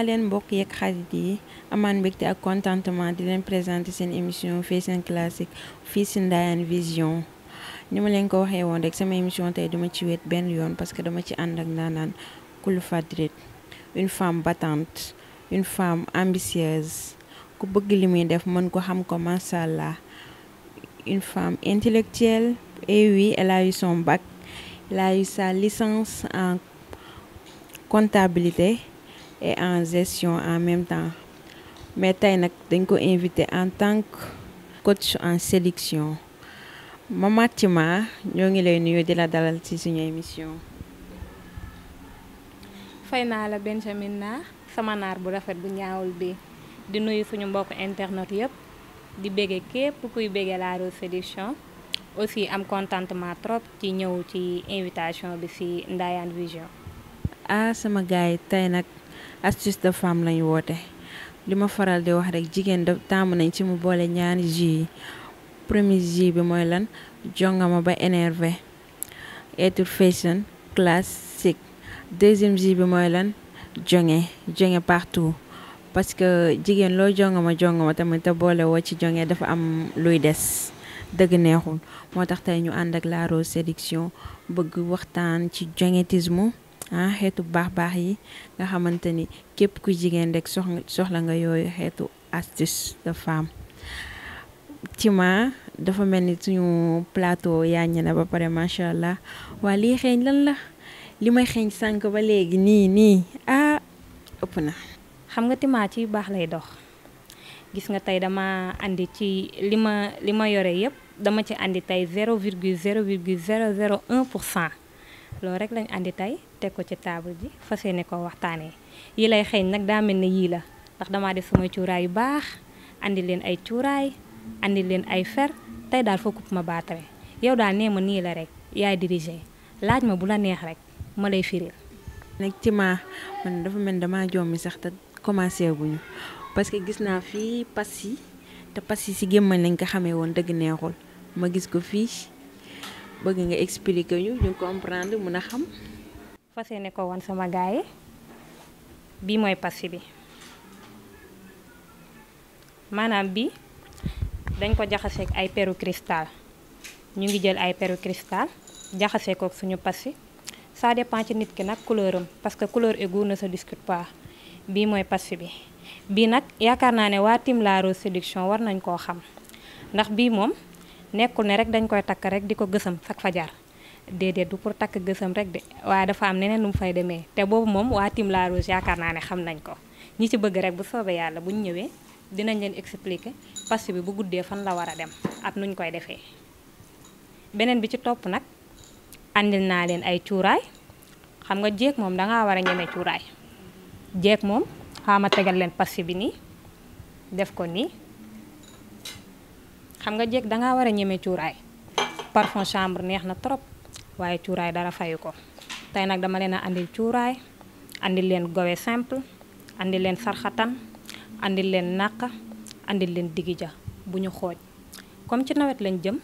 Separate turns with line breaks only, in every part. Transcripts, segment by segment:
naa leen mbokk yeeg xarit yi amaan mbégte ak contentement di leen présenter seen émission fii seen classique fii si Ndayane Vision ni ma leen ko waxee woon rek sama émission tey duma ci wéet benn yoon parce que dama ci ànd ak naanaan Coulou Fadrit une femme battante une femme ambitieuse ku bëgg li muy def mën ko xam ko macha allah une femme intellectuelle et oui elle a eu son bac licence en comptabilité et en gestion en même temps mais tey nag dañ ko invité en tant que coach en sélection Mama Tima ñoo ngi lay nuyu di la dalal ci suñu émission.
fay naa la Benjamin naa sama naar bu rafet bu ñaawul bi di nuyu suñu mbokk internet yëpp di bége képp kuy bége La Rose Séduction aussi am contentement trop ci ñëw ci invitation bi ci ndaayaan Vision.
ah sama gars yi tey nag. astuce de femme lañ woote li ma faral di wax rek jigéen da taamu nañ ci mu boole ñaari jus yi premier jus bi mooy lan jongama ba énervé être fashion classique deuxième jus bi mooy lan jonge jonge partout parce que jigéen loo jongama jongama tamit te boole woo ci jonge dafa am luy des dëgg neexul moo tax tey ñu ànd ak la Rose Séduction bëgg waxtaan ci jongetisme ah xeetu baax baax yi nga xamante ni képp ku jigéen rek soxla nga yooyu xeetu astuce de femme ci dafa mel ni suñu plateau yaaññ na ba pare macha allah waa lii xeeñ lan la li may xeeñ sànq ba léegi nii nii ah ëpp na.
xam nga Tima ci baax lay dox gis nga tey dama andi ci li ma li ma yore yëpp dama ci indi tey zéro virgule zéro virgule zéro zéro un pour cent. loolu rek lañ andi tey teg ko ci table ji fas yéene ko waxtaanee yi lay xeeñ nag daa mel ne yii la ndax damaa def samay cuuraay yu baax andi leen ay cuuraay indi leen ay fer tey daal foo kupp ma baatare yow daal nee ma nii la rek yaay diriger laaj ma bu
la neex rek ma lay firil. nag ci ma man dafa mel damaa jommi sax te commencé guñu parce que gis naa fii pass yi te pass yi si gémmañ lañ ko xamee woon dëgg neexul ma gis ko fii. bëgg nga expliquer ñu ñu comprendre mun a xam.
fas yéene ko woon sama
gaay bii mooy passi bi
maanaam bi dañ ko jaxaseeg ay peru cristal ñu ngi jël ay peru cristal jaxasee kook suñu pasi ça dépend ci nit ki nag couleur am parce que couleur égale ne se discute pas bii mooy pasi bi. bii nag yaakaar naa ne waa team La Rose Séduction war nañ koo xam ndax bii moom. nekkul ne rek dañ koy takk rek di ko gësam sak fajar déedéet du pour takk gësëm rek de waaye dafa am neneen nu mu fay demee te boobu moom waa tiim La Rouge yaakaar naa ne xam nañ ko ñi ci bëgg rek bu soobee yàlla buñ ñëwee dinañ leen expliquer pasti bi bu guddee fan la war a dem ak nuñ koy defee beneen bi ci topp nag andil naa leen ay cuuraay xam nga jéeg moom dangaa war a ñeme cuuraay jéeg moom xaama tegal leen pasti bi nii def ko nii xam nga jeeg dangaa war a ñeme cuuraay parfum chambre neex na trop waaye cuuraay dara fayu ko tey nag dama leen a andil cuuraay andil leen gowe simple andil leen sarxatan andil leen naq andil leen digija bu ñu xooj comme ci nawet lañ jëm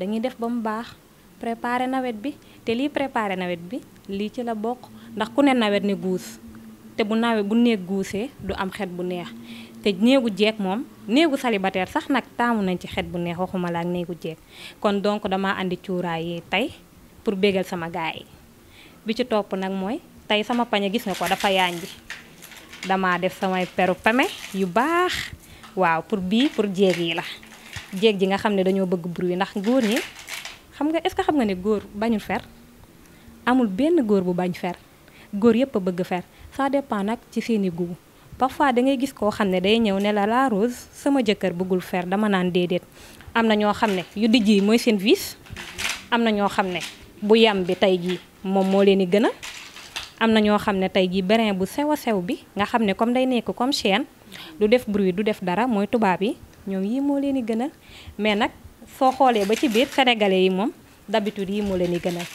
dañuy def ba mu baax préparer nawet bi te lii préparer nawet bi lii ci la bokk ndax ku ne nawet ne guus te bu nawet bu néeg guusee du am xet bu neex te néegu jeeg moom néegu célibataire sax nag taamu nañ ci xet bu neex waxuma la ak néegu jeeg kon donc dama indi cuuraay yi tey pour bégal sama gaay yi bi ci topp nag mooy tey sama pañ a gis nga ko dafa yaañ bi dama def samay peru pame yu baax waaw pour bii pour jéeg yi la jeeg ji nga xam ne dañoo bëgg bruit ndax góor ñi xam nga est-ce que xam nga ne góor bañu fer amul benn góor bu bañ fer góor yépp a bëgg fer ça dépend nag ci seeni goût parfois da ngay gis koo xam ne day ñëw ne la la Rose sama jëkkër bëggul fer dama naan déedéet am na ñoo xam ne yu dijj yi mooy seen vice am na ñoo xam ne bu yam bi tey jii moom moo leen di gën a am na ñoo xam ne tey jii brin bu sew a sew bi nga xam ne comme day nekk comme chaîne lu def bruit du def dara mooy tubaab yi ñoom yii moo leen di gënal mais nag soo xoolee ba ci biir sénégalais yi moom d'habitude yii moo leen di gënal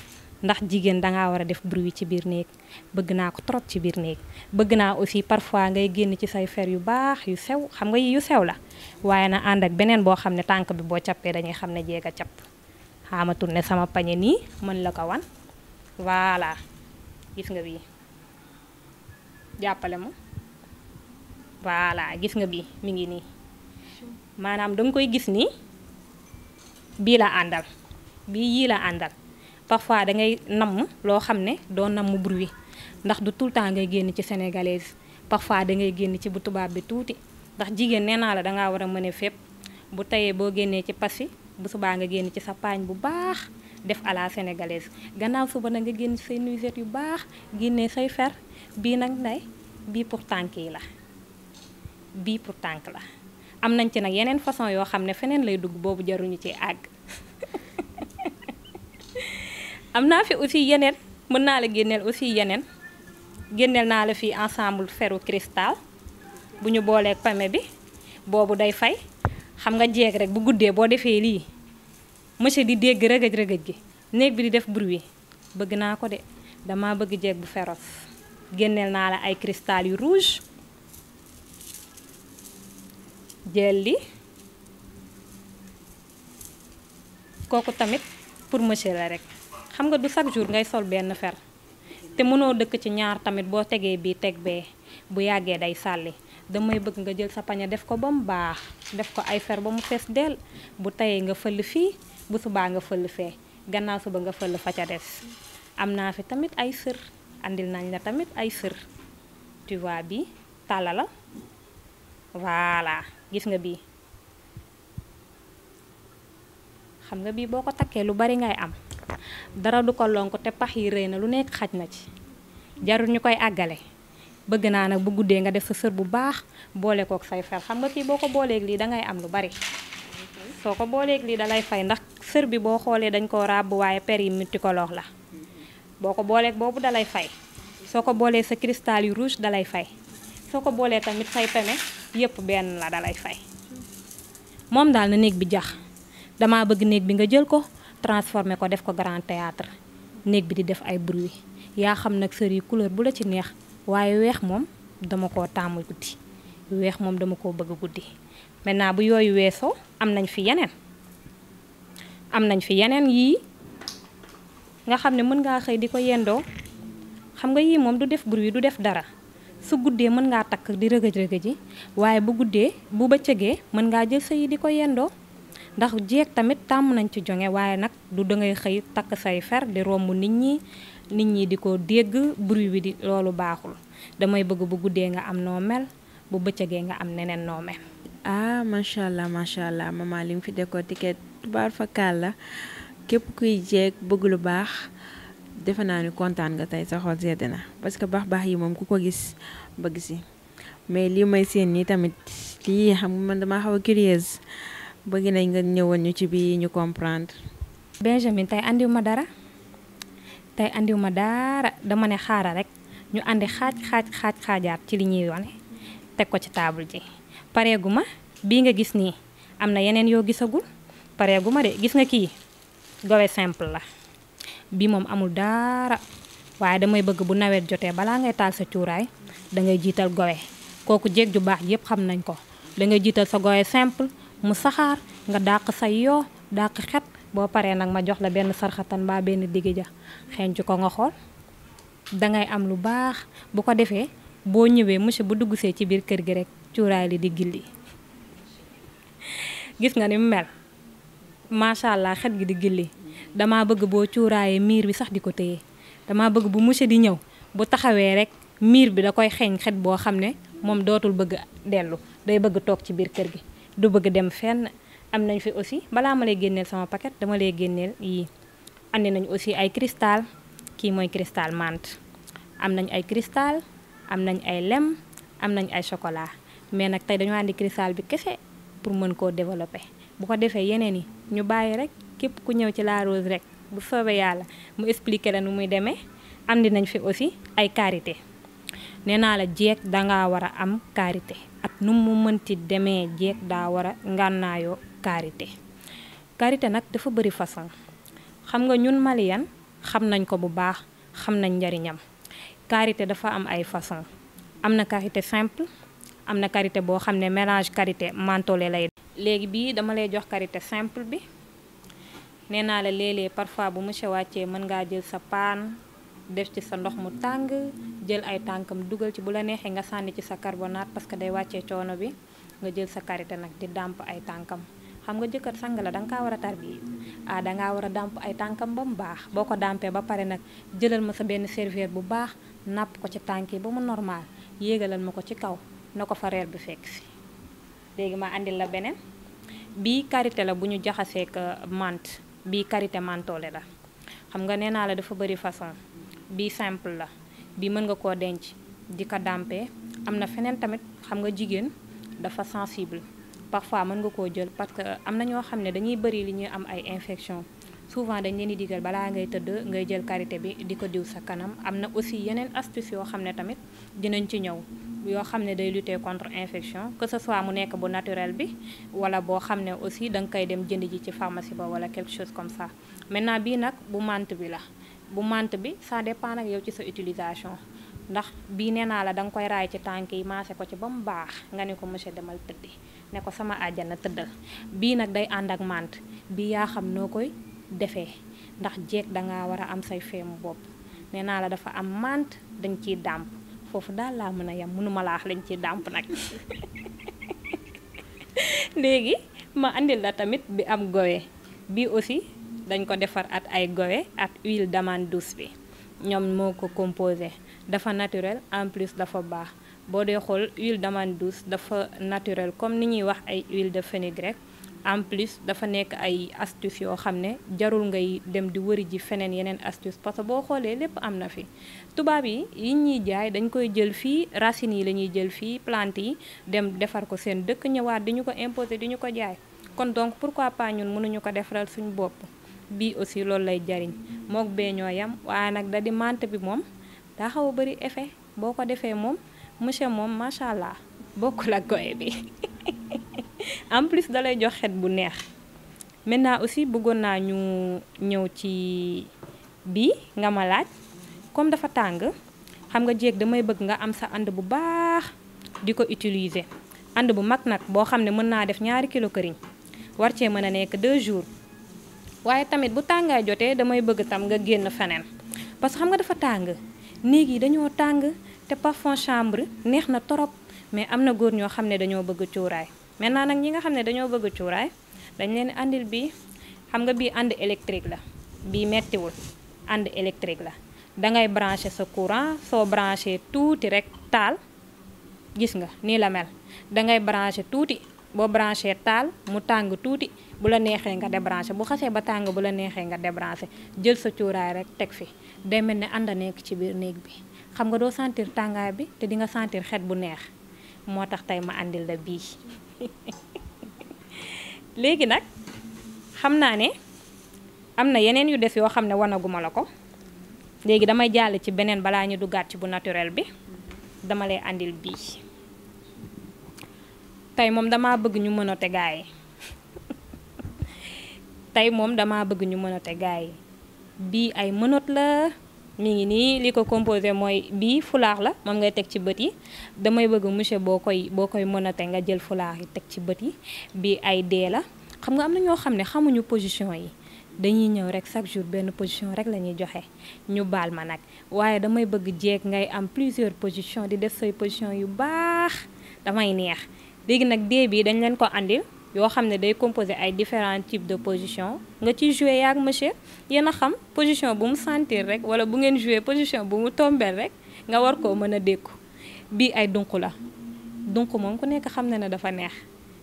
ndax jigéen dangaa war a def bruit ci biir néeg bëgg naa ko trop ci biir néeg bëgg naa aussi parfois ngay génn ci say fer yu baax yu sew xam nga yi yu sew la waaye na ànd ak beneen boo xam ne tànk bi boo cappee dañuy xam ne jéeg a capp xamatul ne sama pañe nii mën la ko wan waala gis nga bii jàppale ma voilà gis nga bii mi ngi nii maanaam danga koy gis nii bii la àndal bii yii la àndal parfois da ngay namm loo xam ne doo namm bruit ndax du tout le temps ngay génn ci sénégalaise parfois da ngay génn ci bu tubaab bi tuuti ndax jigéen nee naa la dangaa war a mëne a bu tayee boo génnee ci pasi bu subaa nga génn ci sa paañ bu baax def à la sénégalaise gannaaw suba na nga génn say nuisette yu baax génnee say fer bii nag nday bii pour tànk yi la bii pour tànk la am nañ ci nag yeneen façon yoo xam ne feneen lay dugg boobu jaruñu ci àgg am naa fi aussi yeneen mën naa la génneel aussi yeneen génneel naa la fii ensemble feru cristal bu ñu booleeg pame bi boobu day fay xam nga jeeg rek bu guddee boo defee lii monsieur di dégg rëgëj rëgëj gi néeg bi di def bruit bëgg naa ko de dama bëgg jeeg bu feros génneel naa la ay cristal yu rouge jël li kooku tamit pour monsieur la rek xam nga du chaque jour ngay sol benn fer te mënoo dëkk ci ñaar tamit boo tegee bii teg bee bu yàggee day sàlli damay bëgg nga jël sa pañe def ko ba mu baax def ko ay fer ba mu fees dell bu tayee nga fël fii bu subaa nga fël fee gannaaw suba nga fël fa ca des am naa fi tamit ay sër andil nañ la tamit ay sër tu vois bi tàlla la voilà gis nga bii xam nga bii boo ko takkee lu bari ngay am dara du ko lonk te pax yi rëy na lu nekk xaj na ci jarul ñu koy àggale bëgg naa nag bu guddee nga def sa sër bu baax boole kook say fer xam nga kii boo ko booleeg lii dangay am lu bari soo ko booleeg lii dalay fay ndax sër bi boo xoolee dañ koo ràbb waaye per yi multicolore la boo ko booleeg boobu dalay fay soo ko boolee sa cristal yu rouge dalay fay soo ko boolee tamit say peme yépp benn la dalay fay moom daal na néeg bi jax dama bëgg néeg bi nga jël ko transformé ko def ko grand théâtre néeg bi di def ay bruit yaa xam nag sër yi couleur bu la ci neex waaye weex moom dama ko taamu guddi weex moom dama koo bëgg guddi maintenant bu yooyu weesoo am nañ fi yeneen am nañ fi yeneen yii nga xam ne mën ngaa xëy di ko yendoo xam nga yii moom du def bruit du def dara su guddee mën ngaa takk di rëgëj rëgëji waaye bu guddee bu ba bëccëgee mën ngaa jël sa yi di ko yendoo ndax jeeg tamit tàmm nañ ci jonge waaye nag du dangay xëy takk say fer di romb nit ñi nit ñi di ko dégg bruit bi di loolu baaxul damay bëgg bu guddee nga am noomel
bu bëccëgee nga am neneen noo mel. ah macha allah macha allah maman li mu fi décortiqué tubaar fa la képp kuy jeeg bëgg lu baax defe naa ni kontaan nga tey sa xol sedd na parce que baax baax yi moom ku ko gis bëgg si mais lii may seen nii tamit lii xam nga man damaa xaw a curieuse bëgg nañ nga ñëwal ñu ci bi ñu comprendre. Benjamin tey andiw ma
dara tey andiw ma dara dama ne xaaral rek ñu andi xaaj xaaj xaaj xaajaat ci li ñuy wane teg ko ci table ji pareegu ma bii nga gis nii am na yeneen yoo gisagul pareegu ma de gis nga kii gowe simple la bi moom amul dara waaye damay bëgg bu nawet jotee balaa ngay taal sa cuuraay da ngay jiital gowe kooku jéeg ju baax yépp xam nañ ko da jiital sa gowe simple. mu saxaar nga dàq say yoo dàq xet boo paree nag ma jox la benn sarxatan mbaa benn digg ja xenc ko nga xool dangay am lu baax bu ko defee boo ñëwee monsieur bu dugg see ci biir kër gi rek cuuraay li di gilli gis nga ni mu mel macha allah xet gi di gilli dama bëgg boo cuuraayee miir bi sax di ko téye damaa bëgg bu monsieur di ñëw bu taxawee rek miir bi da koy xeeñ xet boo xam ne moom dootul bëgg dellu day bëgg toog ci biir kër gi du bëgg dem fenn am nañ fi aussi balaa ma lay génneel sama paquet dama lay génneel yii andi nañ aussi ay cristal kii mooy cristal menthe am nañ ay cristal am nañ ay lem am nañ ay chocolat mais nag tey dañoo andi cristal bi kese pour mën koo développer bu ko defee yeneen yi ñu bàyyi rek képp ku ñëw ci La Rose rek bu soobee yàlla mu expliquer la nu muy demee andi nañ fi aussi ay karité nee naa la jeeg dangaa war a am quarité ak nu mu mënti demee jeeg daa war a ngànnaayoo karité karité nag dafa bëri façon xam nga ñun maliyan xam nañ ko bu baax xam nañ njariñam karité dafa am ay façon am na karité simple am na karité boo xam ne mélange karité mentholé lay léegi bii dama lay jox karité simple bi nee naa la léeg-léeg parfois bu monsieur wàccee mën ngaa jël sa paan def ci sa ndox mu tàng jël ay tànkam dugal ci bu la neexee nga sànni ci sa carbonate parce que day wàccee coono bi nga jël sa karité nag di dàmp ay tànkam xam nga jëkkër sang la da nga kaa war a tarbi ah da war a dàmp ay tànkam ba mu baax boo ko dàmpee ba pare nag jëlal ma sa benn serviette bu baax napp ko ci tànk yi ba mu normal yéegalal ma ko ci kaw na ko fa reer bi fekk si léegi ma indil la beneen bii karité la bu ñu jaxasee jaxaseek euh, mante bii karité mantole la xam nga nee naa dafa bëri façon bi simple la bi mën nga koo denc di ko dàmpe am na feneen tamit xam nga jigéen dafa sensible parfois mën nga koo jël parce que am na ñoo xam ne dañuy bëri li ñuy am ay infection souvent dañ leen di digal balaa ngay tëdd ngay jël karité bi di ko diw sa kanam am na aussi yeneen astuce yoo xam ne tamit dinañ ci ñëw yoo xam ne day lutter contre infection que ce soit mu nekk bu naturel bi wala boo xam ne aussi da nga koy dem jënd ji ci pharmacie ba wala quelque chose comme ça maintenant bii nag bu mante bi la bu mante bi ça dépend ak yow ci sa utilisation ndax bii nee naa la da nga koy raay ci tànk yi maase ko ci ba mu baax nga ne ko monsieur demal tëddi ne ko sama àjjana tëddal bii nag day ànd ak mante bii yaa xam noo koy defee ndax jeeg dangaa war a am say feemu bopp nee naa la dafa am mante dañ ciy dàmp foofu daal laa mën a yem mënuma laax lañ ciy dàmp nag léegi ma indil la tamit bi am gowe bii aussi dañ ko defar at ay gowe ak huile d'amande douce bi ñoom moo ko composé dafa naturel en plus dafa baax boo dee xool huile d'amande douce dafa naturel comme ni ñuy wax ay huile de fenugrec en plus dafa nekk ay astuce yoo xam ne jarul ngay dem di wëri ji feneen yeneen astuce parce que boo xoolee lépp am na fi tubaab yi yi ñuy jaay dañ koy jël fii racines yi la ñuy jël fii plante yi dem defar ko seen dëkk ñëwaat di ñu ko imposer di ñu ko jaay kon donc pourquoi pas ñun mënuñu ko defaral suñu bopp bii aussi loolu lay jariñ mook bee ñoo yam waaye nag da di mante bi moom daa xaw a bëri effet boo ko defee moom monsieur moom macha allah bokkul ak goye bi en plus dalay jox xet bu neex maintenant aussi bëggoon naa ñu ñëw ci bii nga ma laaj comme dafa tàng xam nga jéeg damay bëgg nga am sa ànd bu baax di ko utiliser ànd bu mag nag boo xam ne mën naa def ñaari kilo këriñ war cee mën a nekk deux jours waaye tamit bu tàngaay jotee damay bëgg tam nga génn feneen parce que xam nga dafa tàng néeg yi dañoo tàng te parfum chambre neex na torop mais am na góor ñoo xam ne dañoo bëgg cuuraay maintenant nag ñi nga xam ne dañoo bëgg cuuraay dañ leen àndil bi xam nga bii ànd électrique la bii mettiwul ànd électrique la dangay branché sa courant soo branché tuuti rek taal gis nga nii la mel dangay branché tuuti boo branché taal mu tàng tuuti bu la neexee nga débranché bu xasee ba tàng bu la neexee nga débranché jël sa cuuraay rek teg fi day ni ànd a nekk ci biir néeg bi xam nga doo sentir tàngaay bi te dinga sentiir sentir xet bu neex moo tax tey ma àndil la bii léegi nag xam naa ne am na yeneen yu des yoo xam ne wanaguma la ko léegi damay jàll ci beneen balaa ñu du ci bu naturel bi dama lay àndil bii tey moom damaa bëgg ñu mënote gaay yi tey moom damaa bëgg ñu mënote gaay yi bii ay mënot la mu ngi nii li ko composé mooy bii fulaax la moom ngay teg ci bët yi damay bëgg monsieur boo koy boo koy mënote nga jël fulaax yi teg ci bët yi bii ay dee la xam nga am na ñoo xam ne xamuñu position yi dañuy ñëw rek chaque jour benn position rek la ñuy joxe ñu baal ma nag waaye damay bëgg jeeg ngay am plusieurs positions di def say position yu baax damay neex léegi nag dee bi dañ leen ko andil yoo xam ne day composé ay différents types de position nga ci joué yaag monsieur yéen a xam position bu mu sentir rek wala bu ngeen joué position bu mu tombeel rek nga war koo mën a dékku bii ay dunq la dunq moom ku nekk xam na ne dafa neex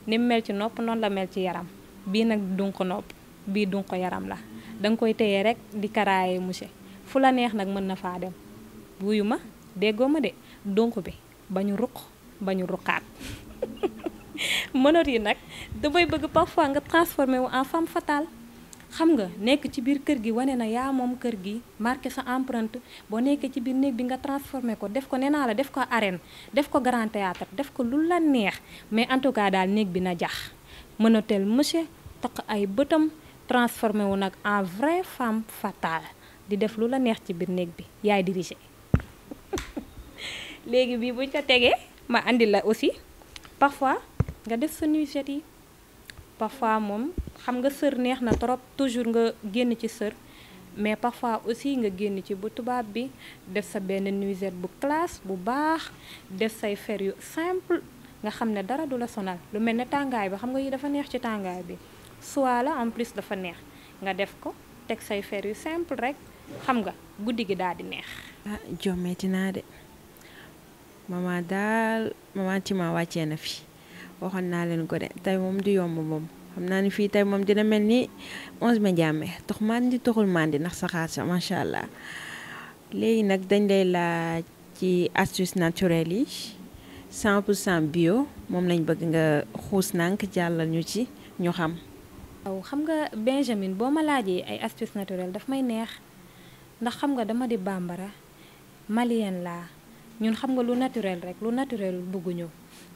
ni mel ci nopp noonu la mel ci yaram bii nag dunq nopp bii dunq yaram la da nga koy téye rek di karaaye monsieur fu la neex nag mën na faa dem wuyu ma déggoo ma de dunq bi bañu ruq bañu ruqaat mënor yi nag damay bëgg parfois nga transformé wu en femme fatale xam nga nekk ci biir kër gi wane na yaa moom kër gi marqué sa empreinte boo nekkee ci biir néeg bi nga transformé ko def ko nee naa la def ko arène def ko grand théâtre def ko lu la neex mais en tout cas daal néeg bi na jax mën a tel monsieur taq ay bëtam transformé wu nag en vrai femme fatale di def lu la neex ci biir néeg bi yaay dirigé léegi bii buñ ca tegee ma indi la aussi parfois nga def sa nuisette yi parfois moom xam nga sër neex na trop toujours nga génn ci sër mais parfois aussi nga génn ci bu tubaab bi def sa benn nuisette bu classe bu baax def say fer yu simple nga xam ne dara du la sonal lu mel ne tàngaay bi xam nga yi dafa neex ci tàngaay bi soit la en plus dafa neex nga def ko teg say fer yu simple rek xam nga guddi gi daal di neex.
ah naa de. mama daal maman ci ma wàccee na fi waxoon naa leen ko de tey moom du yomb moom xam naa ni fii tey moom dina mel ni onze média jàmme tox mandi toxul mandi ndax saxaar sa macha allah léegi nag dañ lay laaj ci astuce naturelle yi 100 pour cent bio moom lañ bëgg nga xuus nànk jàllal ñu ci ñu xam. waaw xam nga
Benjamin boo ma laajee ay astuce naturelle dafa may neex ndax xam nga dama di bambara malien laa. ñun xam nga lu naturel rek lu naturel bëgguñu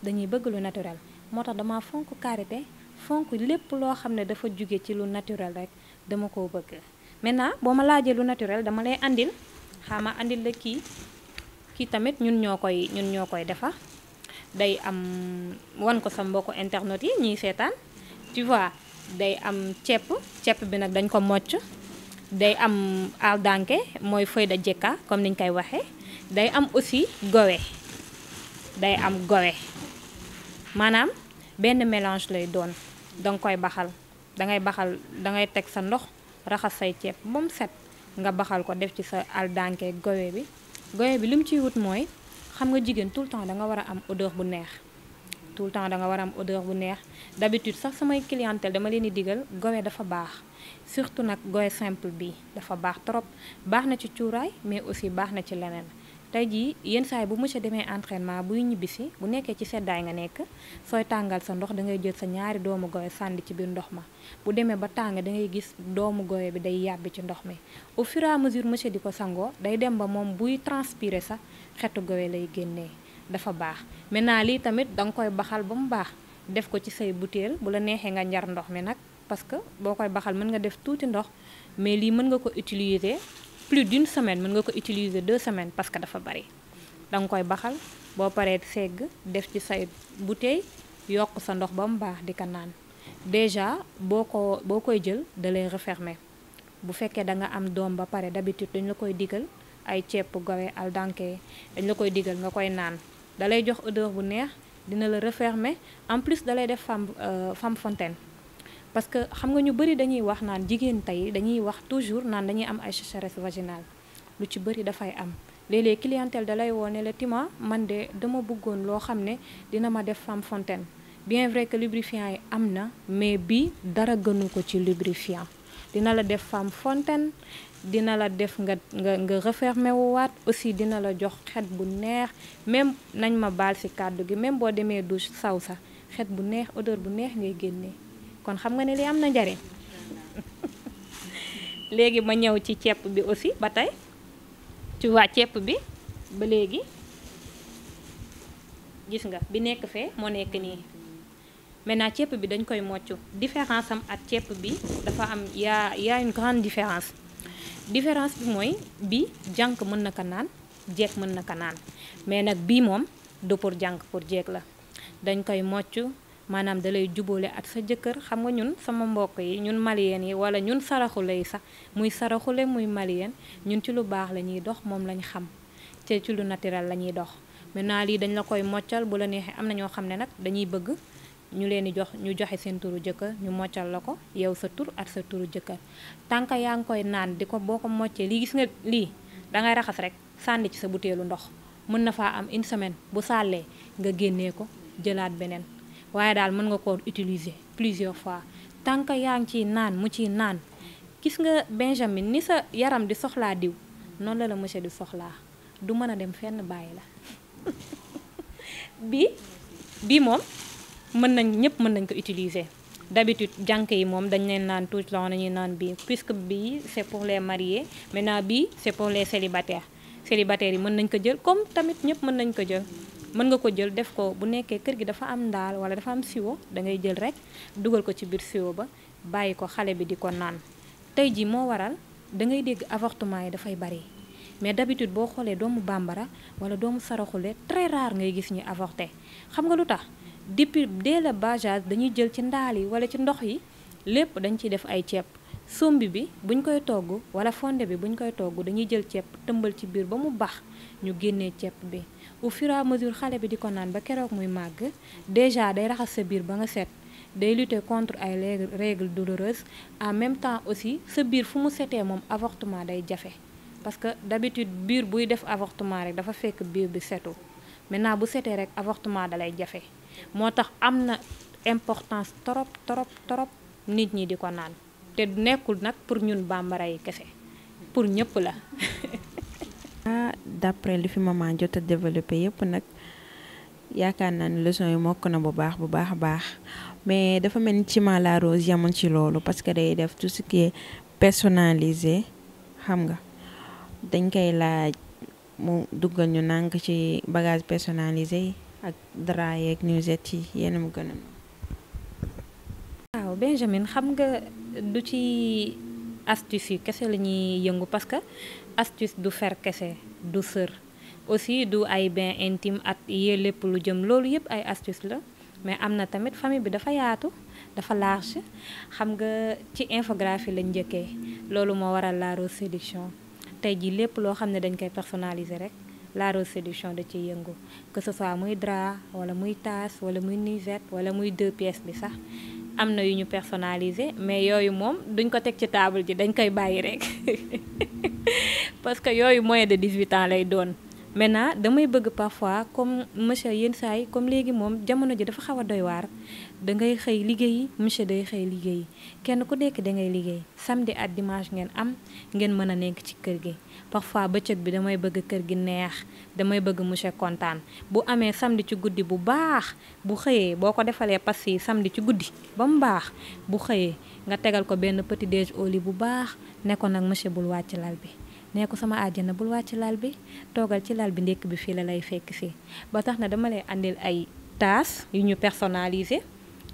dañuy bëgg lu naturel moo tax dama fonk karité fonk lépp loo xam ne dafa jóge ci lu naturel rek dama ko bëgg maintenant boo ma laajee lu naturel dama lay andil xama andil la kii kii tamit ñun ñoo koy ñun ñoo koy defar day am wan ko sa mbokku internet yi ñuy seetaan tu day am ceeb ceeb bi nag dañ ko mocc day am aldanke mooy feuille de jekka comme niñ koy waxee day am aussi gowe day am gowe maanaam benn mélange lay doon danga koy baxal dangay baxal dangay teg sa ndox raxas say ceeb moom set nga baxal ko def ci sa aldanke gowe bi gowe bi li mu ciy wut mooy xam nga jigéen tout le temps danga war a am odeur bu neex tout le temps danga war a am odeur bu neex d'habitude sax samay clientèle dama leen di digal gowe dafa baax surtout nag gowe simple bi dafa baax trop baax na ci cuuraay mais aussi baax na ci leneen tey jii yenn saa yi bu monsieur demee entraînement buy ñibbisi bu nekkee ci seddaay nga nekk sooy tàngal sa ndox da ngay jël sa ñaari doomu goye sànni ci biir ndox ma bu demee ba tàng dangay gis doomu goye bi day yàbbi ci ndox mi au fur et à mesure di ko sangoo day dem ba moom buy transpirer sax xetu goye lay génnee dafa baax maintenant lii tamit danga koy baxal ba mu baax def ko ci say butéel bu la neexee nga njar ndox mi nag parce que boo koy baxal mën nga def tuuti ndox mais lii mën nga ko utiliser plus d'une semaine mën nga ko utiliser deux semaines parce que dafa bari da nga koy baxal boo paree segg def ci say bouteille yokk sa ndox ba mu baax di ko naan déjà boo ko boo koy jël da lay refermer bu fekkee da nga am doom ba pare d'habitude dañ la koy digal ay ceeb gowe aldanke dañ la koy digal nga koy naan da lay jox odeur bu neex dina la refermer en plus da lay def femme euh, femme fontaine parce que xam nga ñu bëri dañuy wax naan jigéen tey dañuy wax toujours naan dañuy am ay sécheresse vaginale lu ci bëri dafay am léeg-léeg clientèle da lay woone la man de dama bëggoon loo xam ne dina ma def femme fontaine bien vrai que lubrifiant yi am na mais bi dara gënu ko ci lubrifiant dina la def femme fontaine dina la def nga nga nga refermé waat aussi dina la jox xet bu neex même nañ ma baal ci kàddu gi même boo demee douche saw sa xet bu neex odeur bu neex ngay génnee kon xam nga ne li am na njariñ léegi ma ñëw ci ceeb bi aussi ba tey tu vois ceeb bi ba léegi gis nga bi nekk fee moo nekk nii maintenant ceeb bi dañ koy moccu différence am ak ceeb bi dafa am yaa yaa une grande différence différence bi mooy bi jànq mën na ko naan jeeg mën na ko naan mais nag bii moom du pour jànq pour jeeg la dañ koy moccu maanaam dalay lay jubóole ak sa jëkkër xam nga ñun sama mbokk yi ñun malien yi wala ñun saraxule yi sax muy saraxule muy malien ñun ci lu baax la ñuy dox moom lañ xam te ci lu naturel la ñuy dox maintenant lii dañ la koy moccal bu la neexee am na ñoo xam ne nag dañuy bëgg ñu leen di jox ñu joxe seen turu jëkkër ñu moccal la ko yow sa tur ak sa turu jëkkër tànk yaa ngi koy naan di ko boo ko moccee lii gis nga lii dangay raxas rek sànni ci sa butéelu ndox mën na faa am une semaine bu sàllee nga génnee ko jëlaat beneen waaye daal mën nga koo utiliser plusieurs fois tant que yaa ngi ciy naan mu ciy naan gis nga Benjamin ni sa yaram di soxlaa diw noonu la la monsieur di soxlaa du mën a dem fenn bàyyi la bi bii moom mën nañ ñëpp mën nañ ko utiliser d'habitude jànq yi moom dañ leen naan tout le temps dañuy naan bii puisque bii c'est pour les mariés maintenant bii c'est pour les célibataires célibataires yi mën nañ ko jël comme tamit ñëpp mën nañ ko jël mën nga ko jël def ko bu nekkee kër gi dafa am ndaal wala dafa am siwo dangay jël rek dugal ko ci biir siwo ba bàyyi ko xale bi di ko naan tey ji moo waral da ngay dégg avortement yi dafay bari mais d'habitude boo xoolee doomu bambara wala doomu saraxule très rare ngay gis ñu avorté xam nga lu tax depuis dès le bas âge dañuy jël ci ndaal yi wala ci ndox yi lépp dañ ciy def ay ceeb sombi bi buñ koy togg wala fonde bi buñ koy togg dañuy jël ceeb tëmbal ci biir ba mu bax ñu génnee ceeb bi au fur mesure xale bi di ko naan ba keroog muy màgg déjà day raxas sa biir ba nga set day lutter contre ay règles douloureuses en même temps aussi sa biir fu mu setee moom avortement day jafe parce que d'habitude biir buy def avortement rek dafa fekk biir bi setu maintenant bu setee rek avortement dalay jafe moo tax am na importance trop trop trop nit ñi di ko naan te nekkul nag pour ñun bambara yi kese pour ñëpp la
d'après li fi maman jot a développé yëpp nag yaakaar naa ne leçon yi mokk na bu baax bu baax a baax mais dafa mel ni ci ma la rose ci loolu parce que day def tout ce qui est personnalisé xam nga dañ koy laaj mu duggal ñu nànk ci bagage personnalisé yi ak dra yeeg nuisette yi yéen mu gën
a waaw Benjamin xam nga du ci astuce yi kese la ñuy yëngu parce que astuce du fer kese du sër aussi du ay bain intime at yee lépp lu jëm loolu yëpp ay astuce la mais am na tamit famille bi dafa yaatu dafa large xam nga ci infographie lañ njëkkee loolu moo waral La Rose tey ji lépp loo xam ne dañ koy personnaliser rek La Rose Séduction da ciy yëngu que ce soit muy drap wala muy tasse wala muy nuisette wala muy deux pièces bi sax am na yu ñu personnaliser mais yooyu moom duñ ko teg ci table ji dañ koy bàyyi rek parce que yooyu moins de 18 ans lay doon maintenant damay bëgg parfois comme monsieur yenn saa yi comme léegi moom jamono ji dafa xaw a doy waar da ngay xëy liggéeyi monsieur day xëy liggéeyi kenn ku nekk da ngay liggéey samedi ak dimanche ngeen am ngeen mën a nekk ci kër gi parfois bëccëg bi damay bëgg kër gi neex damay bëgg monsieur kontaan bu amee samedi ci guddi bu baax bu xëyee boo ko defalee pass yi samedi ci guddi ba mu baax bu xëyee nga tegal ko benn petit déj au lit bu baax ne monsieur bul wàcc lal bi nee ko sama àjjana bul wàcc lal bi toogal ci lal bi ndékk bi fii la lay fekk si ba tax na dama lay àndil ay tasse yu ñu personnalisé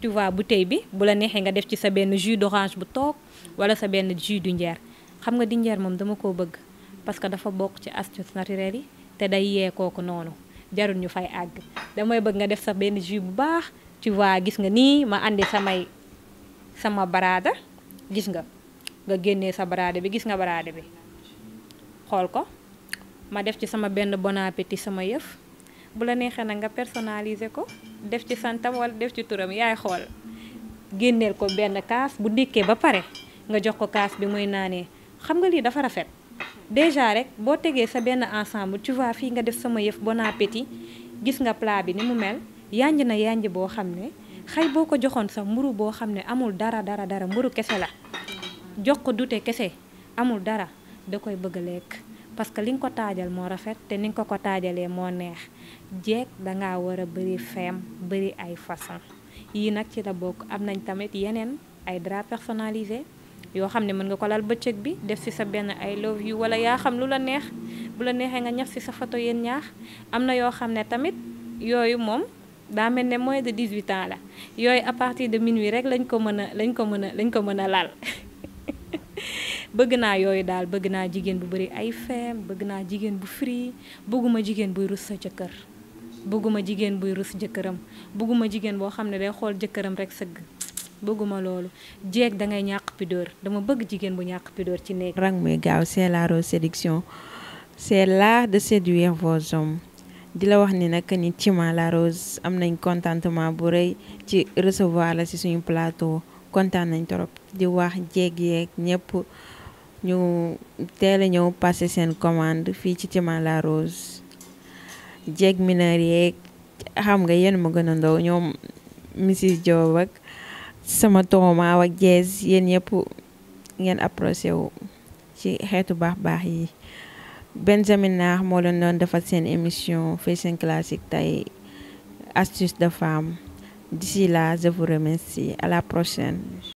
tu bu bouteille bi bu la neexee nga def ci sa benn jus d'orange bu toog wala sa benn jus du njeer xam nga di njeer moom dama koo bëgg parce que dafa bokk ci astuce naturelle yi te day yee kooku noonu jarul ñu fay àgg damay bëgg nga def sa benn jus bu baax tu vois gis nga nii ma àndi samay sama baraada gis nga nga génnee sa baraada bi gis nga baraada bi xool ko ma def ci sama benn bon appétit sama yëf bu la neexee na nga personnaliser ko def ci santam wala def ci turam yaay xool génneel ko benn kaas bu ndikkee ba pare nga jox ko kaas bi muy naanee xam nga lii dafa rafet déjà rek boo tegee sa benn ensemble tu vois fii nga def sama yëf bon appétit gis nga plat bi ni mu mel yanj na yanj boo xam ne xëy boo ko joxoon sax mburu boo xam ne amul dara dara dara mburu kese la jox ko dute kese amul dara da koy bëgg a lekk parce que li nga ko taajal moo rafet te ni nga ko ko taajalee moo neex jeeg dangaa war a bëri feem bëri ay façon yii nag ci la bokk am nañ tamit yeneen ay drap yoo xam ne mën nga ko lal bëccëg bi def ci sa benn ay love you wala yaa xam lu la neex bu la neexee nga ñax ci sa photo yéen ñaax am na yoo xam ne tamit yooyu moom daa mel ne moins de 18 ans la yooyu à partir de minuit rek lañ ko mën a lañ ko mën a lañ ko mën a lal bëgg naa yooyu daal bëgg naa jigéen bu bëri ay feem bëgg naa jigéen bu free bëgguma jigéen buy rus sa jëkkër bëgguma jigéen buy rus jëkkëram bëgguma jigéen boo xam ne day xool jëkkëram rek sëgg bëgguma loolu jeeg da ngay ñàkk pudeur dama bëgg jigéen bu ñàkk pidoor ci néeg
rang muy gaaw c'est l'art de séduction c'est l'art de séduire vos hommes di la wax ni nag ni Cima La Rose am nañ contentement bu rëy ci recevoir la ci suñu plateau kontaan nañ torop di wax jeeg yeeg ñëpp ñu teel a ñëw passé seen commande fii ci Thiaman La Rose jeeg mineur yeeg xam nga yéen ma gën a ndaw ñoom Mrs Diop ak sama tooma ak jeez yéen ñëpp ngeen approché wu ci xeetu baax baax yi Benjamin Naar moo leen doon defal seen émission fashion classique tey astuce de femme d'ici là je vous à la prochaine